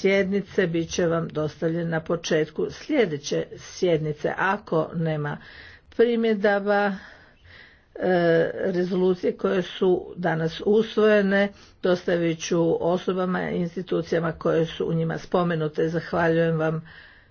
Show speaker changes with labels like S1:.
S1: sjednice bit će vam dostavljen na početku sljedeće sjednice. Ako nema primjedaba, e, rezolucije koje su danas usvojene dostavit ću osobama i institucijama koje su u njima spomenute. Zahvaljujem vam